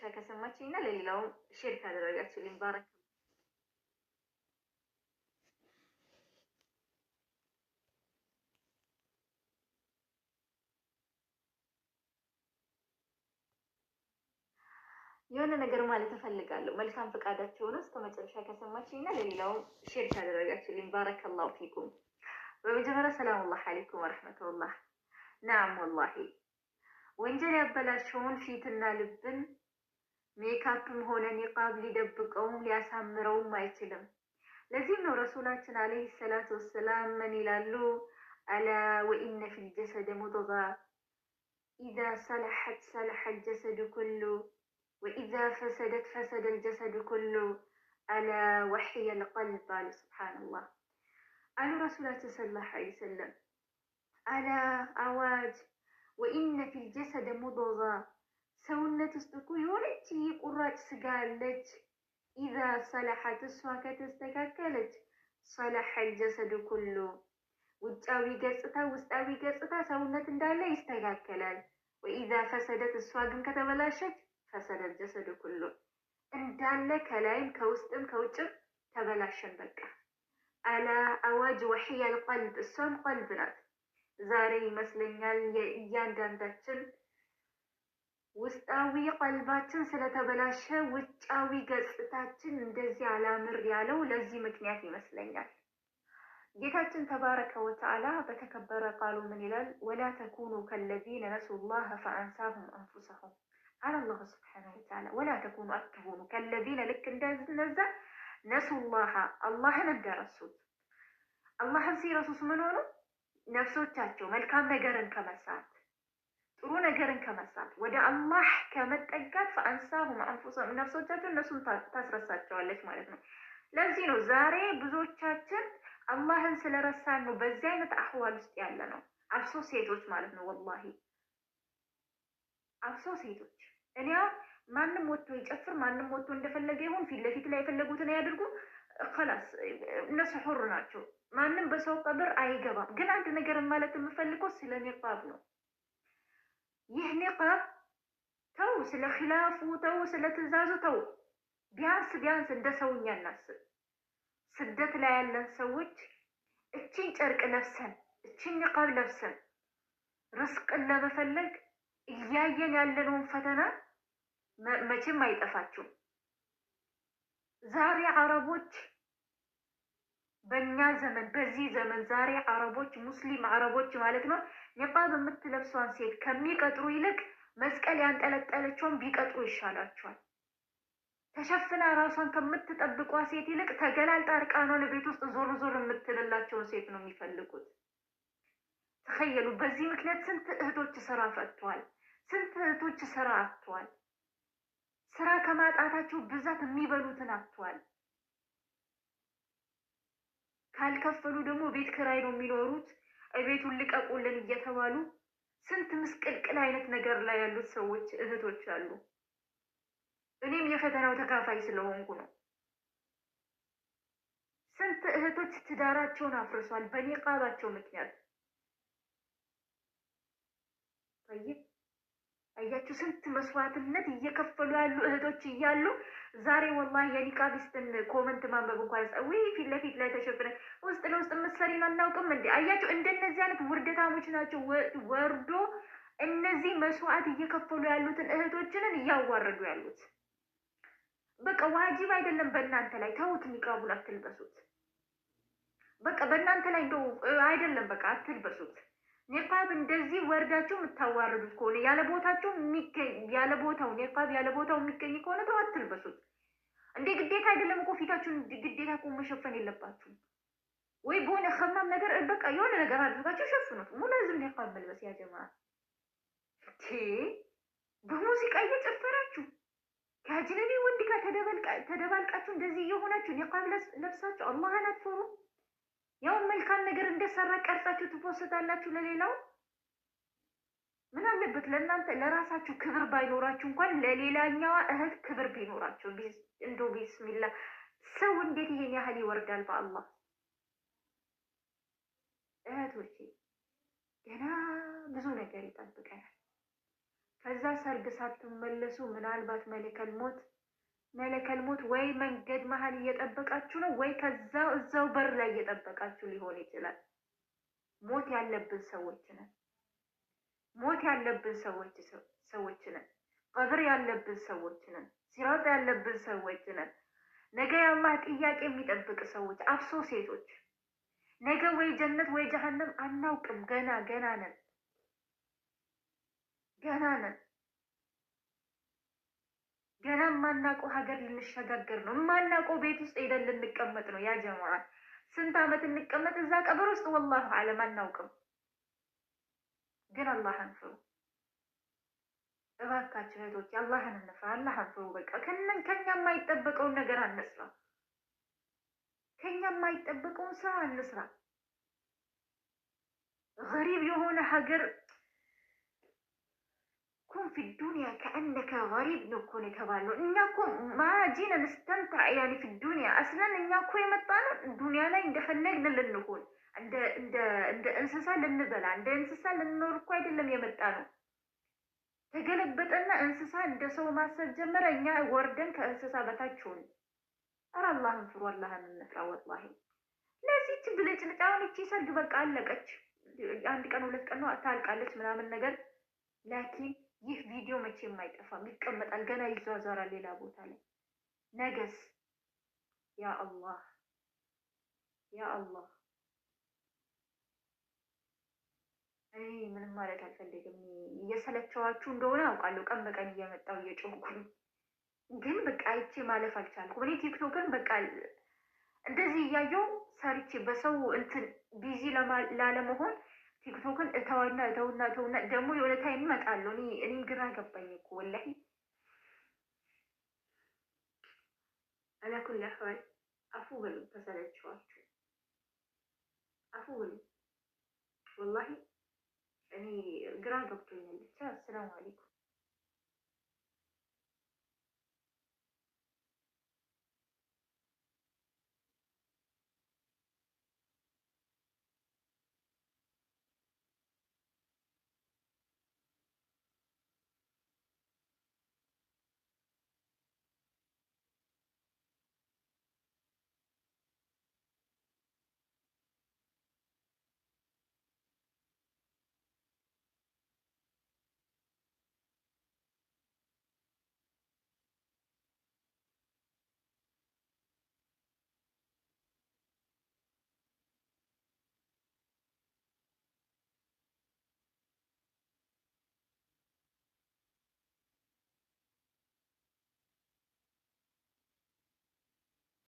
መጨረሻ ከሰማችኝ እና ለሌላውም ሼር ካደረጋችሁልኝ ባረክ የሆነ ነገር ማለት እፈልጋለሁ። መልካም ፈቃዳችሁ ሆኖ እስከ መጨረሻ ከሰማችኝ እና ለሌላውም ሼር ካደረጋችሁልኝ ባረከ ላሁ ፊኩም። በመጀመሪያ ሰላም ላህ አሌይኩም ወረሕመቱላህ። ናም ወላሂ ወንጀል ያበላሸውን ፊትና ልብን ሜካፕም ሆነ ኒቃብ ሊደብቀውም ሊያሳምረውም አይችልም። ለዚህም ነው ረሱላችን አለይሂ ሰላቱ ወሰላም ምን ይላሉ? አላ ወኢነ ፊል ጀሰድ ሙድጋ ኢዛ ሰለሐት ሰለሐ አልጀሰድ ኩሉ ወኢዛ ፈሰደት ፈሰደ አልጀሰድ ኩሉ አላ ወሕየ አልቀልብ አሉ። ስብሓንላህ አሉ ረሱላችን ሰለላሁ ዐለይሂ ወሰለም አላ አዋጅ ወኢነ ፊል ጀሰድ ሙድጋ ሰውነት ውስጥ እኮ የሆነች የቁራጭ ስጋ አለች። ኢዛ ሰላሐት እሷ ከተስተካከለች ሰላሐ አልጀሰዱ ኩሉ፣ ውጫዊ ገጽታ፣ ውስጣዊ ገጽታ፣ ሰውነት እንዳለ ይስተካከላል። ወኢዛ ፈሰደት እሷ ግን ከተበላሸች ፈሰደ ጀሰዱ ኩሉ፣ እንዳለ ከላይም ከውስጥም ከውጭም ተበላሸን። በቃ አላ አዋጅ ወሕያ ልቀልብ እሷም ቀልብ ናት። ዛሬ ይመስለኛል የእያንዳንዳችን ውስጣዊ ቀልባችን ስለተበላሸ ውጫዊ ገጽታችን እንደዚህ አላምር ያለው ለዚህ ምክንያት ይመስለኛል። ጌታችን ተባረከ ወተዓላ በተከበረ ቃሉ ምን ይላል? ወላ ተኩኑ ከለዚነ ነሱ ላህ ፈአንሳሁም አንፉሰሁም አለ አላሁ ስብሓነሁ ወተዓላ። ወላ ተኩኑ አትሆኑ ከለዚነ ልክ እንደነዛ ነሱ ላህ አላህን እንደረሱት አላህን ሲረሱት ምን ሆኑ? ነፍሶቻቸው መልካም ነገርን ከመሳት ጥሩ ነገርን ከመርሳት ወደ አላህ ከመጠጋት ፈአንሳሁም አንፉሰሁም ነፍሶቻቸው እነሱም ታስረሳቸዋለች ማለት ነው። ለዚህ ነው ዛሬ ብዙዎቻችን አላህን ስለረሳን ነው በዚህ አይነት አህዋል ውስጥ ያለ ነው። አብሶ ሴቶች ማለት ነው። ወላሂ አብሶ ሴቶች እኔ ማንም ወጥቶ ይጨፍር፣ ማንም ወጥቶ እንደፈለገ ይሁን፣ ፊት ለፊት ላይ የፈለጉትን ያድርጉ። ከላስ እነሱ ሁሩ ናቸው። ማንም በሰው ቀብር አይገባም። ግን አንድ ነገር ማለት የምፈልገው ስለ ኒቃብ ነው። ይህ ኒቃብ ተው፣ ስለ ኪላፉ ተው፣ ስለ ትእዛዙ ተው። ቢያንስ ቢያንስ እንደ ሰውኛ እናስብ። ስደት ላይ ያለን ሰዎች እችን ጨርቅ ለብሰን እችን ኒቃብ ለብሰን ርስቅን ለመፈለግ እያየን ያለነውን ፈተና መቼም አይጠፋችሁም። ዛሬ አረቦች በእኛ ዘመን በዚህ ዘመን ዛሬ አረቦች ሙስሊም አረቦች ማለት ነው ኒቃብ የምትለብሷን ሴት ከሚቀጥሩ ይልቅ መስቀል ያንጠለጠለችውን ቢቀጥሩ ይሻላቸዋል። ተሸፍና ራሷን ከምትጠብቋ ሴት ይልቅ ተገላልጣ እርቃኗን ቤት ውስጥ ዞር ዞር የምትልላቸውን ሴት ነው የሚፈልጉት። ተኸየሉ። በዚህ ምክንያት ስንት እህቶች ስራ ፈጥተዋል። ስንት እህቶች ስራ አጥተዋል። ስራ ከማጣታቸው ብዛት የሚበሉትን አጥተዋል። ካልከፈሉ ደግሞ ቤት ክራይ ነው የሚኖሩት። ቤቱን ልቀቁልን እየተባሉ ስንት ምስቅልቅል አይነት ነገር ላይ ያሉት ሰዎች እህቶች አሉ። እኔም የፈተናው ተካፋይ ስለሆንኩ ነው። ስንት እህቶች ትዳራቸውን አፍርሷል በኒቃባቸው ምክንያት። አያችሁ ስንት መስዋዕትነት እየከፈሉ ያሉ እህቶች እያሉ ዛሬ ወላሂ የኒቃቢስትን ኮመንት ማንበብ እንኳን ወይ ፊት ለፊት ላይ ተሸብረ ውስጥ ለውስጥ መሰሪን አናውቅም እንዴ? አያችሁ እንደነዚህ አይነት ውርደታሞች ናቸው። ወርዶ እነዚህ መስዋዕት እየከፈሉ ያሉትን እህቶችንን እያዋረዱ ያሉት በቃ ዋጅብ አይደለም በእናንተ ላይ ተውት። ኒቃቡን አትልበሱት። በቃ በእናንተ ላይ እንደው አይደለም በቃ አትልበሱት። ኒቃብ እንደዚህ ወርዳችሁ የምታዋርዱት ከሆነ ያለ ቦታችሁ ያለ ቦታው ኒቃብ ያለ ቦታው የሚገኝ ከሆነ ተው አትልበሱት። እንደ ግዴታ አይደለም እኮ ፊታችሁን ግዴታ እኮ መሸፈን የለባችሁም ወይ በሆነ ከማም ነገር በቃ የሆነ ነገር አድርጋችሁ ሸፍኑት። ሙላዝም ኒቃብ ኔፓብ መልበስ ያጀምራል። በሙዚቃ እየጨፈራችሁ ከአጅነቢ ወንድ ጋር ተደባልቃችሁ እንደዚህ እየሆናችሁ ኒቃብ ለብሳችሁ አላህን አትፈሩም። ያው መልካም ነገር እንደሰራ ቀርጻችሁ ትፖስታላችሁ ለሌላው ምን አለበት? ለእናንተ ለራሳችሁ ክብር ባይኖራችሁ እንኳን ለሌላኛዋ እህት ክብር ቢኖራችሁ እንዶ ቢስሚላ። ሰው እንዴት ይሄን ያህል ይወርዳል? በአላህ እህቶቼ፣ ገና ብዙ ነገር ይጠብቀናል። ከዛ ሰርግ ሳትመለሱ ምናልባት መልከል ሞት መለከል ሞት ወይ መንገድ መሀል እየጠበቃችሁ ነው፣ ወይ ከዛው እዛው በር ላይ እየጠበቃችሁ ሊሆን ይችላል። ሞት ያለብን ሰዎች ነን። ሞት ያለብን ሰዎች ሰዎች ነን። ቀብር ያለብን ሰዎች ነን። ሲራጥ ያለብን ሰዎች ነን። ነገ ያማ ጥያቄ የሚጠብቅ ሰዎች አፍሶ ሴቶች ነገ ወይ ጀነት ወይ ጀሀነም አናውቅም። ገና ገና ነን፣ ገና ነን። ገና የማናውቀው ሀገር ልንሸጋገር ነው። የማናውቀው ቤት ውስጥ ሄደን ልንቀመጥ ነው። ያ ጀመራል ስንት አመት እንቀመጥ እዛ ቀብር ውስጥ ወላሁ አለም አናውቅም። ግን አላህን ፍሩ እባካችሁ እህቶች፣ አላህን እንፍራ፣ አላህን ፍሩ። በቃ ከነን ከኛ የማይጠበቀውን ነገር አንስራ፣ ከኛ የማይጠበቀውን ስራ አንስራ። ገሪብ የሆነ ሀገር ኩን ፊ ዱንያ ከአነከ ገሪብ ነው እኮ ነው የተባለው። እኛ እኮ ማጂነ ንስተምታ ያኔ ፊ ዱንያ አስለን እኛ እኮ የመጣ ነው ዱንያ ላይ እንደፈለግን ልንሆን እንደ እንስሳ ልንበላ እንደ እንስሳ ልንኖር እኮ አይደለም የመጣ ነው። ተገለበጠና እንስሳ እንደ ሰው ማሰብ ጀመረ። እኛ ወርደን ከእንስሳ በታች ሆን። ኧረ አላህን ፍሩ፣ አላህን እንፍራ። ወላሂ ለዚች ብልጭልጫዋኖች ሰርግ በቃ አለቀች። አንድ ቀን ሁለት ቀን ነው ታልቃለች ምናምን ነገር ላኪን ይህ ቪዲዮ መቼም አይጠፋም፣ ይቀመጣል፣ ገና ይዟዟራል ሌላ ቦታ ላይ። ነገስ ያ አላህ ያ አላህ እኔ ምንም ማለት አልፈልግም። እየሰለቸዋችሁ እንደሆነ አውቃለሁ። ቀን በቀን እየመጣው እየጮኩ ግን በቃ አይቼ ማለፍ አልቻልኩም። እኔ ቲክቶክን በቃ እንደዚህ እያየው ሰርቼ በሰው እንትን ቢዚ ላለመሆን ቲክቶክን እተዋና እተውና እተውና ደግሞ የሆነ ታይም እመጣለሁ። እኔ ግራ ገባኝ እኮ ወላሂ አላኩል ያህል አፉ በሉ ተሰለችኋችሁ፣ አፉ በሉ ወላሂ እኔ ግራ ገብቶኛል። ብቻ አሰላሙ አለይኩም